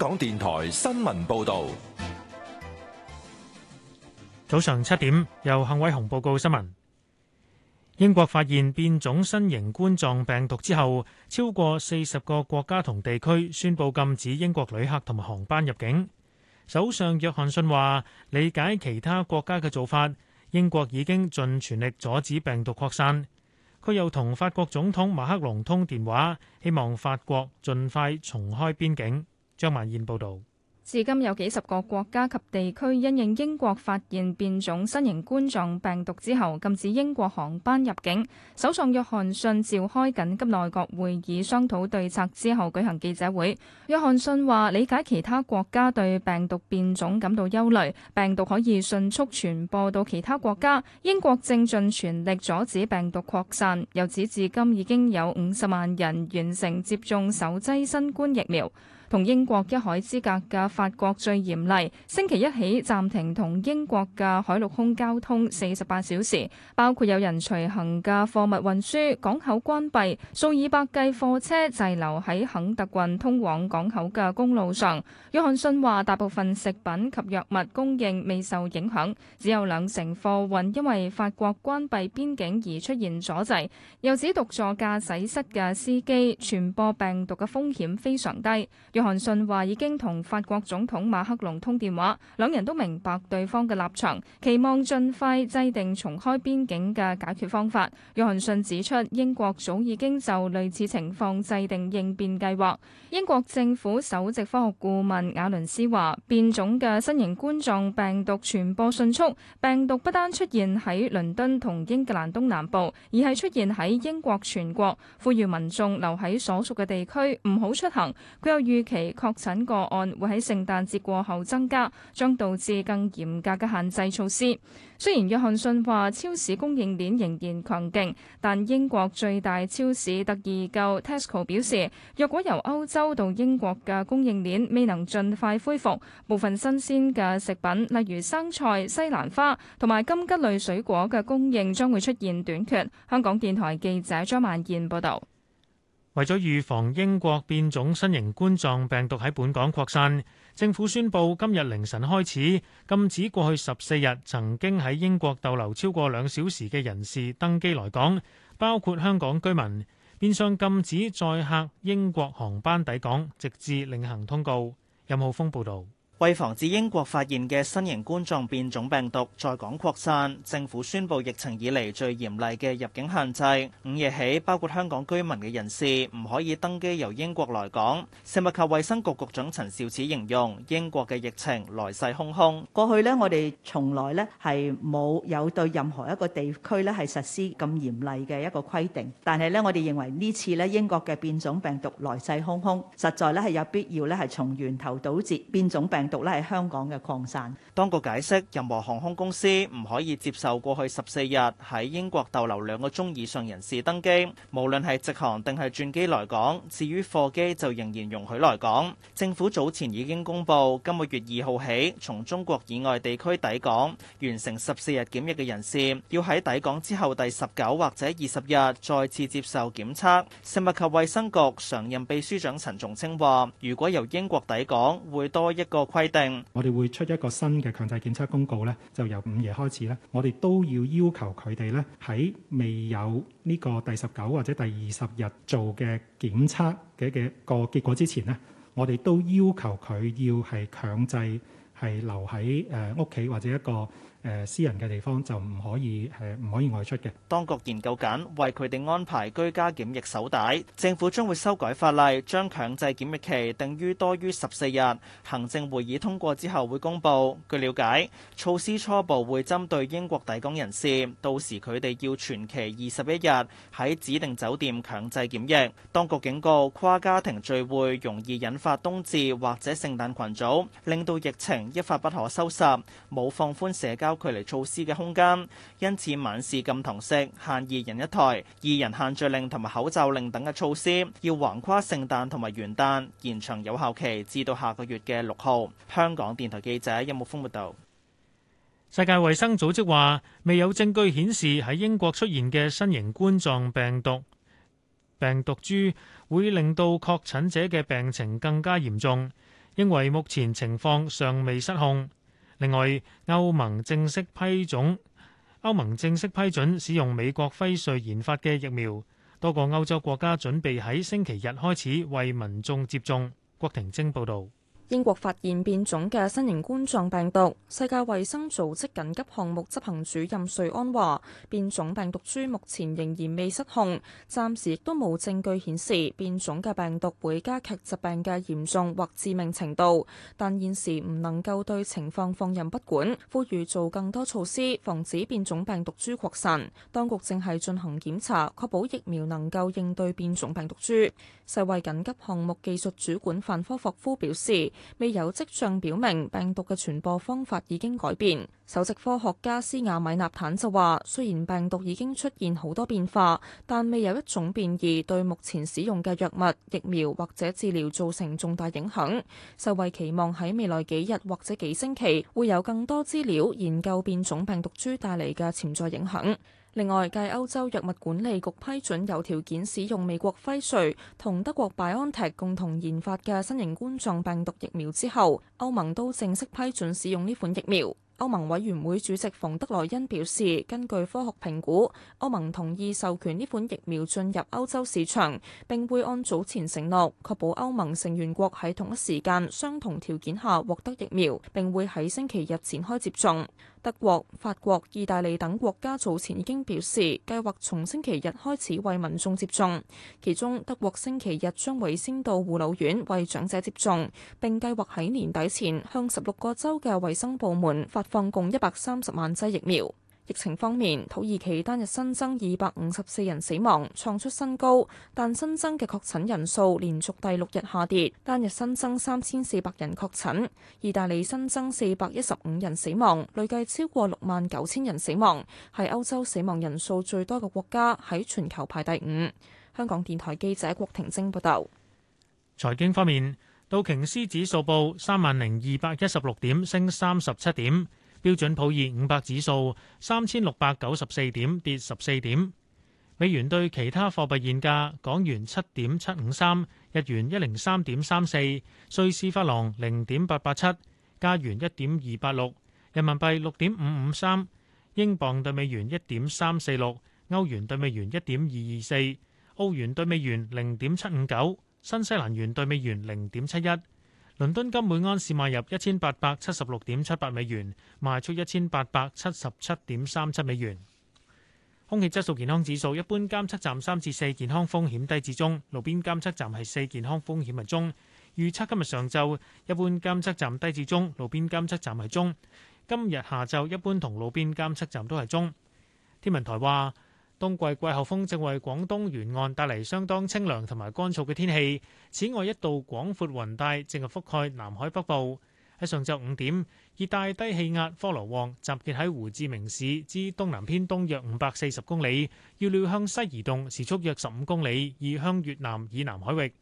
香港電台新聞報道，早上七點由幸偉雄報告新聞。英國發現變種新型冠狀病毒之後，超過四十個國家同地區宣佈禁止英國旅客同埋航班入境。首相約翰遜話，理解其他國家嘅做法，英國已經盡全力阻止病毒擴散。佢又同法國總統馬克龍通電話，希望法國盡快重開邊境。張曼燕報道，至今有幾十個國家及地區因應英國發現變種新型冠狀病毒之後，禁止英國航班入境。首相約翰遜召開緊急內閣會議商討對策之後舉行記者會。約翰遜話：理解其他國家對病毒變種感到憂慮，病毒可以迅速傳播到其他國家。英國正盡全力阻止病毒擴散。由此至今已經有五十萬人完成接種首劑新冠疫苗。同英國一海之隔嘅法國最嚴厲，星期一起暫停同英國嘅海陸空交通四十八小時，包括有人隨行嘅貨物運輸，港口關閉，數以百計貨車滯留喺肯特郡通往港口嘅公路上。約翰遜話：大部分食品及藥物供應未受影響，只有兩成貨運因為法國關閉邊境而出現阻滯。又指獨坐駕駛室嘅司機傳播病毒嘅風險非常低。約翰遜話已經同法國總統馬克龍通電話，兩人都明白對方嘅立場，期望盡快制定重開邊境嘅解決方法。約翰遜指出，英國早已經就類似情況制定應變計劃。英國政府首席科學顧問瓦倫斯話，變種嘅新型冠狀病毒傳播迅速，病毒不單出現喺倫敦同英格蘭東南部，而係出現喺英國全國，呼籲民眾留喺所屬嘅地區，唔好出行。佢又預計期確診個案會喺聖誕節過後增加，將導致更嚴格嘅限制措施。雖然約翰遜話超市供應鏈仍然強勁，但英國最大超市特易購 Tesco 表示，若果由歐洲到英國嘅供應鏈未能盡快恢復，部分新鮮嘅食品，例如生菜、西蘭花同埋柑桔類水果嘅供應將會出現短缺。香港電台記者張曼燕報導。為咗預防英國變種新型冠狀病毒喺本港擴散，政府宣布今日凌晨開始禁止過去十四日曾經喺英國逗留超過兩小時嘅人士登機來港，包括香港居民，變相禁止載客英國航班抵港，直至另行通告。任浩峰報導。為防止英國發現嘅新型冠狀變種病毒在港擴散，政府宣布疫情以嚟最嚴厲嘅入境限制。午夜起，包括香港居民嘅人士唔可以登機由英國來港。食物及衛生局局長陳肇始形容英國嘅疫情來勢洶洶。過去呢，我哋從來呢係冇有對任何一個地區呢係實施咁嚴厲嘅一個規定。但係呢，我哋認為呢次呢英國嘅變種病毒來勢洶洶，實在呢係有必要呢係從源頭堵截變種病毒。都係香港嘅擴散。當局解釋，任何航空公司唔可以接受過去十四日喺英國逗留兩個鐘以上人士登機，無論係直航定係轉機來港。至於貨機就仍然容許來港。政府早前已經公布，今個月二號起，從中國以外地區抵港完成十四日檢疫嘅人士，要喺抵港之後第十九或者二十日再次接受檢測。食物及衛生局常任秘書長陳仲清話，如果由英國抵港，會多一個規。規定，我哋會出一個新嘅強制檢測公告咧，就由午夜開始咧，我哋都要要求佢哋咧，喺未有呢個第十九或者第二十日做嘅檢測嘅嘅個結果之前咧，我哋都要求佢要係強制係留喺誒屋企或者一個。誒私人嘅地方就唔可以誒唔可以外出嘅。當局研究緊，為佢哋安排居家檢疫手帶，政府將會修改法例，將強制檢疫期定於多於十四日。行政會議通過之後會公布。據了解，措施初步會針對英國抵港人士，到時佢哋要全期二十一日喺指定酒店強制檢疫。當局警告跨家庭聚會容易引發冬至或者聖誕群組，令到疫情一發不可收拾。冇放寬社交。交距離措施嘅空間，因此晚市禁堂食、限二人一台、二人限聚令同埋口罩令等嘅措施，要橫跨聖誕同埋元旦，延長有效期至到下個月嘅六號。香港電台記者任木峯報道。世界衛生組織話，未有證據顯示喺英國出現嘅新型冠狀病毒病毒株會令到確診者嘅病情更加嚴重，因為目前情況尚未失控。另外，歐盟正式批種准，歐盟正式批准使用美國輝瑞研發嘅疫苗，多個歐洲國家準備喺星期日開始為民眾接種，郭婷晶報道。英國發現變種嘅新型冠狀病毒。世界衛生組織緊急項目執行主任瑞安話：變種病毒株目前仍然未失控，暫時亦都冇證據顯示變種嘅病毒會加劇疾病嘅嚴重或致命程度。但現時唔能夠對情況放任不管，呼籲做更多措施防止變種病毒株擴散。當局正係進行檢查，確保疫苗能夠應對變種病毒株。世衛緊急項目技術主管范科霍夫表示：未有跡象表明病毒嘅傳播方法已經改變。首席科學家斯瓦米納坦就話，雖然病毒已經出現好多變化，但未有一種變異對目前使用嘅藥物、疫苗或者治療造成重大影響，世衛期望喺未來幾日或者幾星期會有更多資料研究變種病毒株帶嚟嘅潛在影響。另外，繼歐洲藥物管理局批准有條件使用美國輝瑞同德國拜安特共同研發嘅新型冠狀病毒疫苗之後，歐盟都正式批准使用呢款疫苗。歐盟委員會主席馮德萊恩表示，根據科學評估，歐盟同意授權呢款疫苗進入歐洲市場，並會按早前承諾，確保歐盟成員國喺同一時間、相同條件下獲得疫苗，並會喺星期日展開接種。德國、法國、意大利等國家早前已經表示，計劃從星期日開始為民眾接種。其中，德國星期日將會先到護老院為長者接種，並計劃喺年底前向十六個州嘅衛生部門發放共一百三十萬劑疫苗。疫情方面，土耳其單日新增二百五十四人死亡，創出新高，但新增嘅確診人數連續第六日下跌，單日新增三千四百人確診。意大利新增四百一十五人死亡，累計超過六萬九千人死亡，係歐洲死亡人數最多嘅國家，喺全球排第五。香港電台記者郭婷晶報道。財經方面，道瓊斯指數報三萬零二百一十六點，升三十七點。標準普爾五百指數三千六百九十四點，跌十四點。美元對其他貨幣現價：港元七點七五三，日元一零三點三四，瑞士法郎零點八八七，加元一點二八六，人民幣六點五五三，英鎊對美元一點三四六，歐元對美元一點二二四，澳元對美元零點七五九，新西蘭元對美元零點七一。倫敦金每盎司買入一千八百七十六點七八美元，賣出一千八百七十七點三七美元。空氣質素健康指數，一般監測站三至四，健康風險低至中；路邊監測站係四，健康風險為中。預測今日上晝，一般監測站低至中，路邊監測站係中。今日下晝，一般同路邊監測站都係中。天文台話，冬季季候風正為廣東沿岸帶嚟相當清涼同埋乾燥嘅天氣。此外，一道廣闊雲帶正係覆蓋南海北部。喺上晝五點，熱帶低氣壓科羅旺集結喺胡志明市之東南偏東約五百四十公里，預料向西移動，時速約十五公里，移向越南以南海域。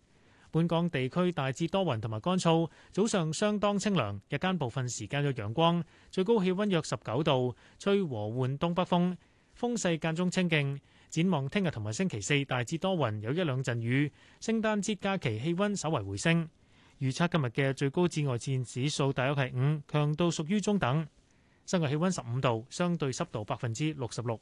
本港地區大致多雲同埋乾燥，早上相當清涼，日間部分時間有陽光，最高氣温約十九度，吹和緩東北風。風勢間中清勁，展望聽日同埋星期四大致多雲，有一兩陣雨。聖誕節假期氣温稍為回升，預測今日嘅最高紫外線指數大約係五，強度屬於中等。室外氣温十五度，相對濕度百分之六十六。